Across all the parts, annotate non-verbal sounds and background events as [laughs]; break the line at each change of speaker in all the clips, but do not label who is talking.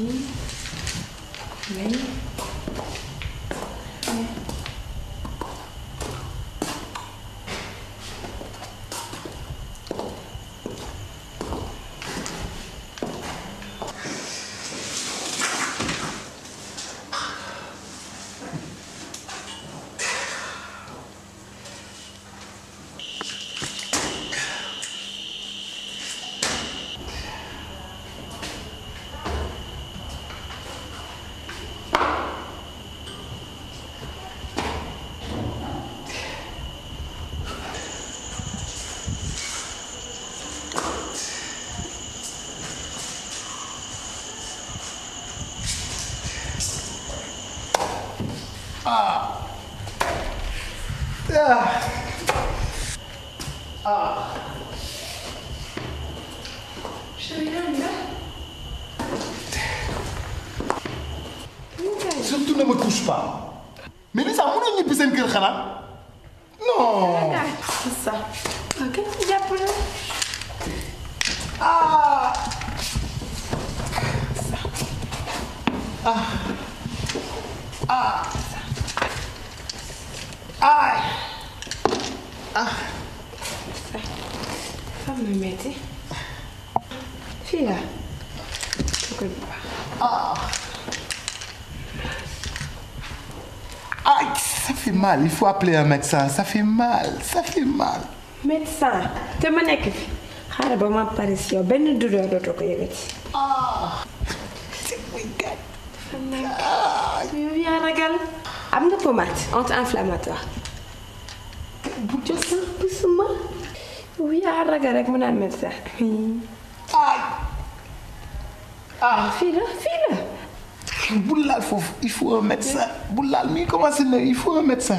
aqui. Vem.
ok jàpp na ah ah ah ah ah
fan la metti fii la ok ah ah
ça fait mal il faut appeler un médecin ça fait mal ça fait mal.
médecin te ma nekk fi xaaral ba ma pare yow benn douleur dootoo ko yëgati. ah. yow yaa ragal. am na pommade anti-inflammatoire. bu jot sax bisuma. yow yaa ragal rek mu naan médecin.
ah fii la fii la. bul laal foofu il faut un médecin bul laal mi commencé na il faut un médecin.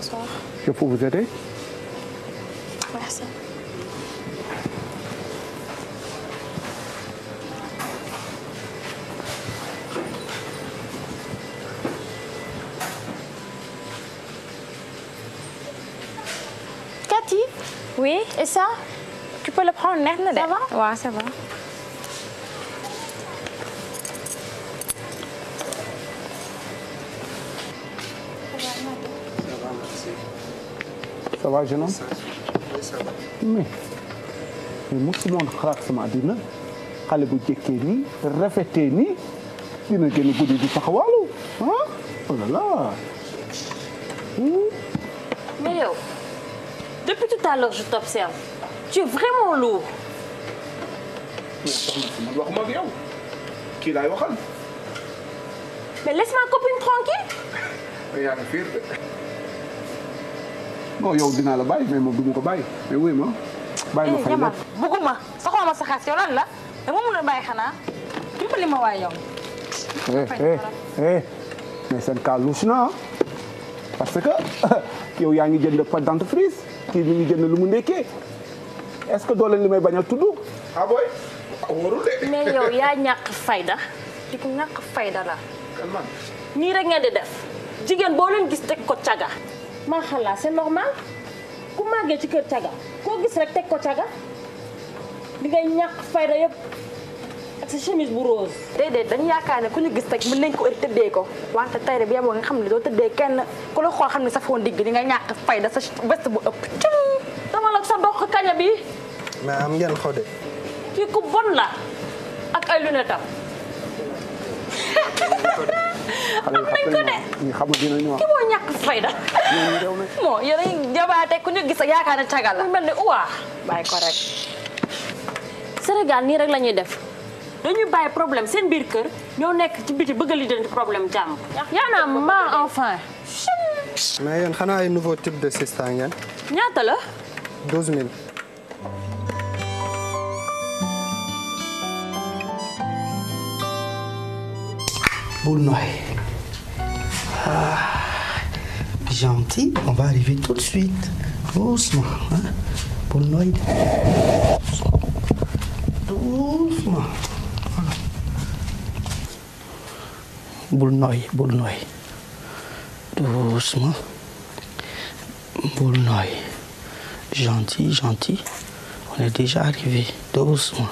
Bonsoir. Je peux vous aider
Merci. Cathy Oui. Et ça Tu peux le prendre, Ça va Ouais, ça va.
ça va jeune homme mais mosuma woon xalaat sama àddina xale bu jëkkee nii rafetee nii dina di taxawaalu ah oh là là.
mais yow depuis tout à l'heure je t'observe tu es vraiment lourd.
man waxuma ak yow kii laay waxal.
mais laisse ma copine tranquille.
yaa non yow dinaa la bàyyi mais moom du ma ko bàyyi mais wuy ma bàyyi ma eh, fay lépp
bugguma soxla ma sa xaas yow la dama mën a bàyyi xanaa eh,
eh, ah. [laughs] yaa ngi jënd pâte dentifrice kii mi ngi jënd lu mu ndekkee est-ce que doo leen li may bañ a tudd. ah
mais yaa ñàkk fayda di ñàkk fayda la. ñii rek ngeen di def jigéen boo leen gis teg ko caga. machallah c'est normal ku màggee ci kër caga koo gis rek teg ko caga di ngay ñàkk fayda yëpp ak sa chemise bu rose. déedéet dañu yaakaar ne ku ñu gis rek mën nañ ko ëri tëddee ko wante tey de bi yamoo nga xam ne doo tëddee kenn ku la xool xam ne sa foon digg di nga ñàkk fayda sa veste bu ëpp cum dama la sa dox kaña bi
mais am ngeen xaw de
kii ku bon la ak ay lunettes am
[laughs] am nañ ko de ñu xamul dinañ ki
moo ñàkk fayda moo yéen ay jabaate ku ñu gis yaakaar ne cagal la mel ni uwaa bàyyi ko rek Sénégal nii rek la def dañuy bàyyi problème seen mbir kër ñoo nekk ci biti bëgg a lijjanti problème jàmm yaanaa ma enfin
mais yéen xanaa ay nouveau type de sista ngeen ñaata la bul nooy ah, gentil on va arriver tout de suite doucement hein bul nooy doucement voilà gentil gentil on est déjà arrivé doucement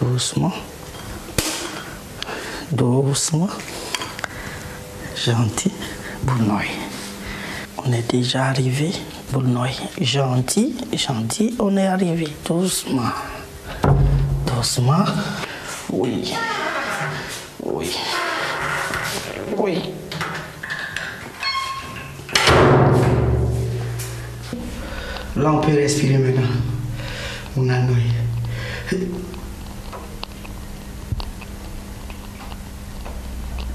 doucement doo suma gentil bul on est déjà arrivé bul gentil gentil on est arrivé doucement doucement oui oui oui là on peut respirer maintenant on a noyé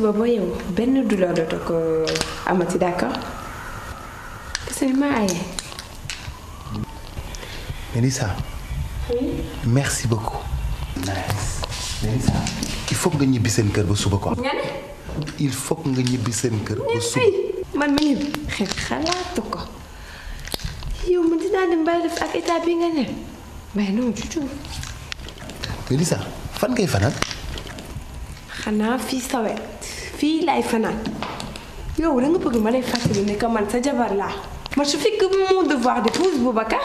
suba yow benn douleur dootu euh, ko amati d'accord parce que maa aye.
Mélissa. merci beaucoup. nice. Mélissa il nga ñibbi seen kër ba suba quoi. nga il faut nga ñibbi seen kër ba suba.
man ma ñibbi xel xalaatu ko yow ma dinaa dem bàyyi def ak état bi nga ne mais non du tout. fan ngay fanaan. xanaa fii sawe fii laay fanaan yow da nga ma lay fàttali ne man sa jabar laa ma su fi que mon devoir d'épouse Boubacar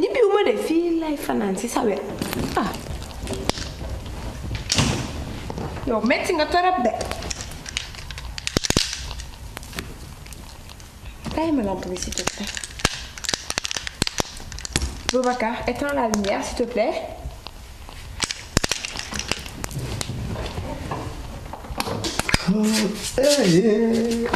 ñibbiwuma de fii lay fanaan si sa metti nga torop de bàyyi ma lampe bi s'il te plaît Boubacar éteins la lumière s'il te plaît
pour ayé.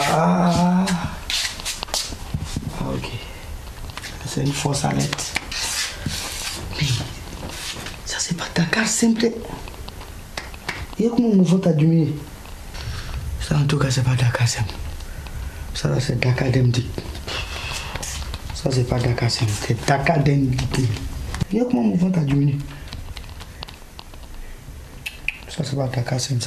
Ah. Ok. C'est une fausse alerte. Ça c'est pas ta carte simple. Il y a comment mon vote a diminué. Ça en tout cas c'est pas Dakar simple. Ça là c'est Dakar DMD. Ça c'est pas Dakar simple. C'est Dakar DMD. Il y a comment mon vote a diminué. Ça c'est pas Dakar simple.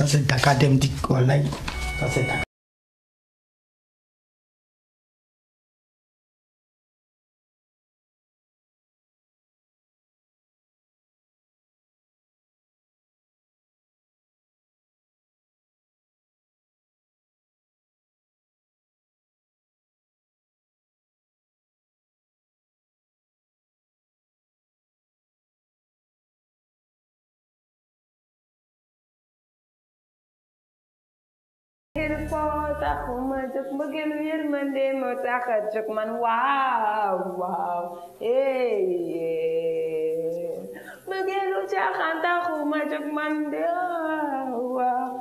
ngeen ko tax ma jóg mbëggeelu
yërmande moo tax a jóg man waaw waaw eh,
eh.
mbëggeelu caaxaan taxu ma jóg man de waaw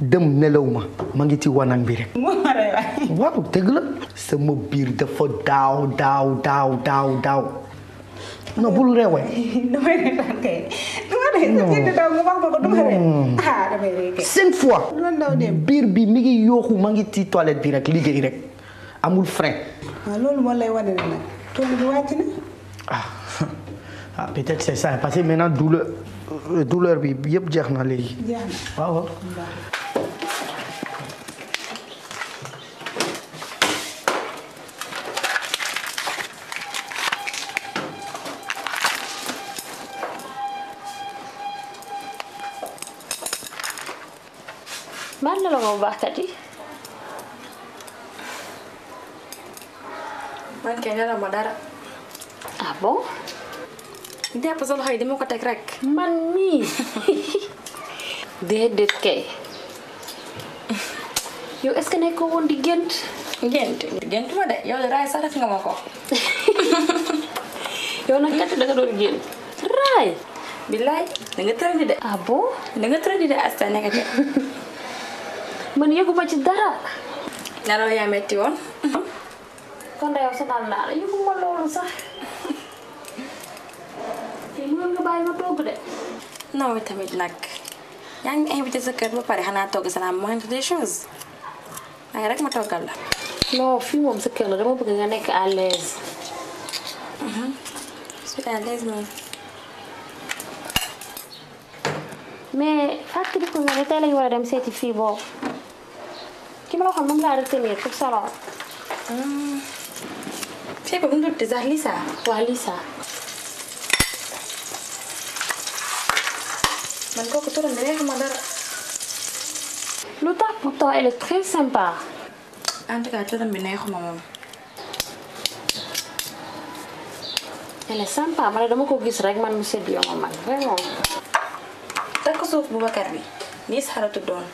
dem nelaw ma ma ngi ci wanag bi rek. waaw dëgg la. sama biir dafa daaw daaw daaw daaw daaw. non bul reewee. [laughs] damay reetaan ah, kay. cinq fois. biir bi mi ngi yooxu ma ngi ci toilette bi rek liggéey rek amul frein. waaw ah, loolu moo lay wane nag tool bi wàcc na. Ah, [laughs] ah peut-être c'est ça parce que maintenant douleur douleur bi yëpp jeex na léegi. waaw waaw.
baat la bu baax kat nelaw ma dara ah bon jàpp sa loxo yi dama ko teg rek man mii [laughs] déedéet kay yow est-ce que nekkoo woon di gént gént gént ma de yow de raay sax def nga ma ko yow nag kat danga doon gént raay billaay da nga de ah bon da nga de asta nekkate man yëguma ci dara. nelaw yaa metti woon. kon de yow sonal naa la yëguma loolu sax. te mënoon nga bàyyi ma togg de. non tamit nag yaa ngi invité sa kër ba pare xanaa togg sa la moindre des choses rek ma toggal la. non fii moom sa la dama bëgg nga nekk à l'aise. Mhm. je suis à l'aise moom. mais fàttali war a dem seeti fii boobu. loo xam ne moom laa retenir pour salon. fii ko bu ñu doon tuddee sax Lisa. waaw Lisa. man kooku bi neexuma dara. lu tax pourtant elle est très sympa. en tout cas turam moom. elle est sympa man dama ko gis rek man mu sédd yoon man vraiment. takk suuf bu Bakar bi. nii xaratu doon.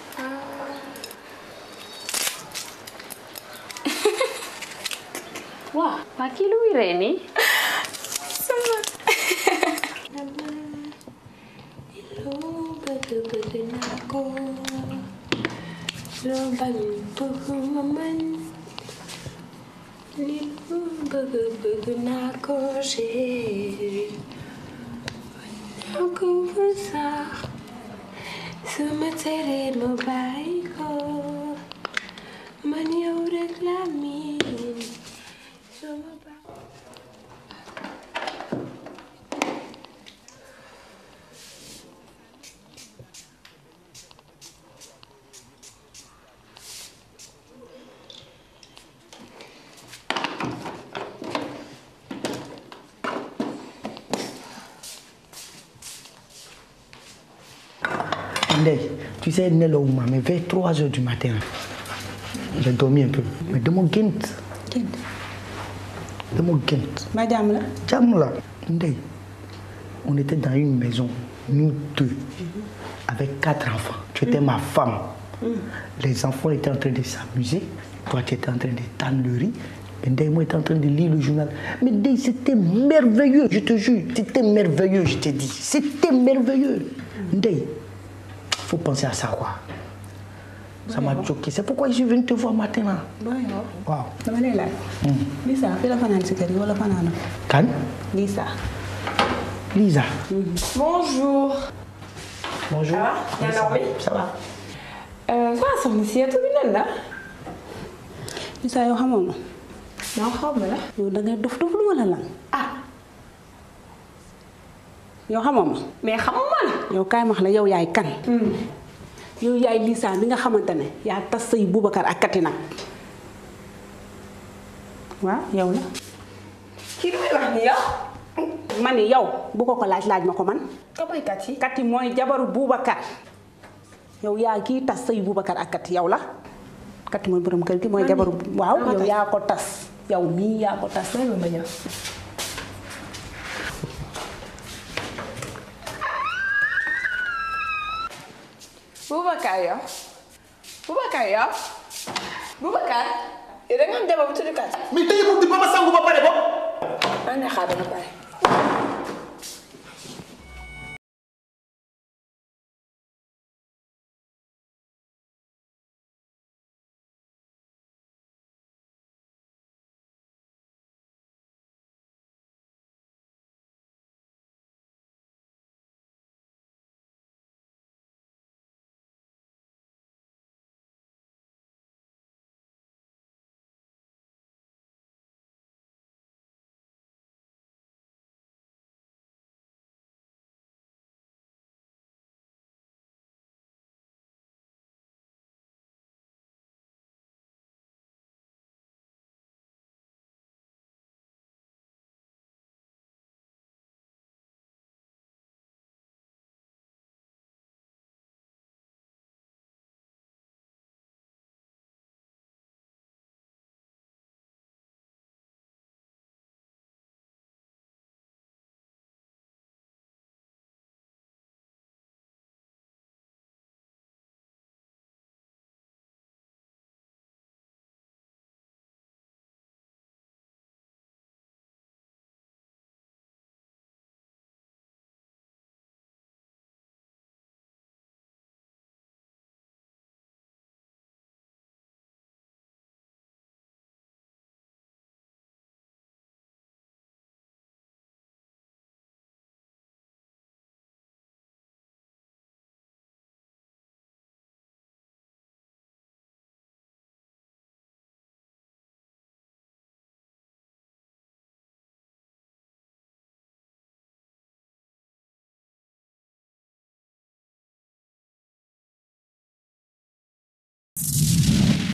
waa kii lu muy ree nii loo bañ bëgg ma man li lu bëgg bëgg naa ko chéri naa ko sax su ma teree ma bàyyi ko man yow rek laa
Ndeye tu sais nelawuma mais vers trois heures du matin j'ai dormi un peu mais dama gént. gént dama gént. ma jàmm la. jàmm la Ndeye on était dans une maison nous deux avec quatre enfants. tu étais ma femme. Mm. les enfants étaient en train de s'amuser toi tu étais en train de tendre mais Ndeye moi était en train de lire le journal mais Ndeye c'était merveilleux je te jure c'était merveilleux je te dis c'était merveilleux faut penser à ça quoi. ça m'a choqué c'est pourquoi je suis venu te voir maintenant. waaw. dama lay laaj. Hmm. Lisa fi la fanaan si kër gi wala fanaan. kan. Lisa. Lisa. Hmm.
bonjour.
bonjour. ça va. soxna
euh, soxna si yàlla bi nan la. Lisa yow xamoo ma. yow xaw ma la. yow da ngay dof dof lu wala lan. ah. yow xamoo ma. mais xamoo ma la. yow kaay ma la yow yaay kan. Hmm. yow yaay Lisa bi nga xamante ne yaa tas say Boubacar ak Katy nag waaw yow bu ko ko laaj laaj ko man. ka mooy Katy. mooy jabaru Boubacar. yow yaa kii tas say Boubacar ak Katy yow la. Katy mooy borom kër gi mooy jabaru waaw yow yaa ko tas yow mii yaa ko tas. Boubacar yow Boubacar yow Boubacar yow da nga am jabar bu tudd Kat. mais tey moom di ba sangu
ba pare ba. maa ngi lay xaar ba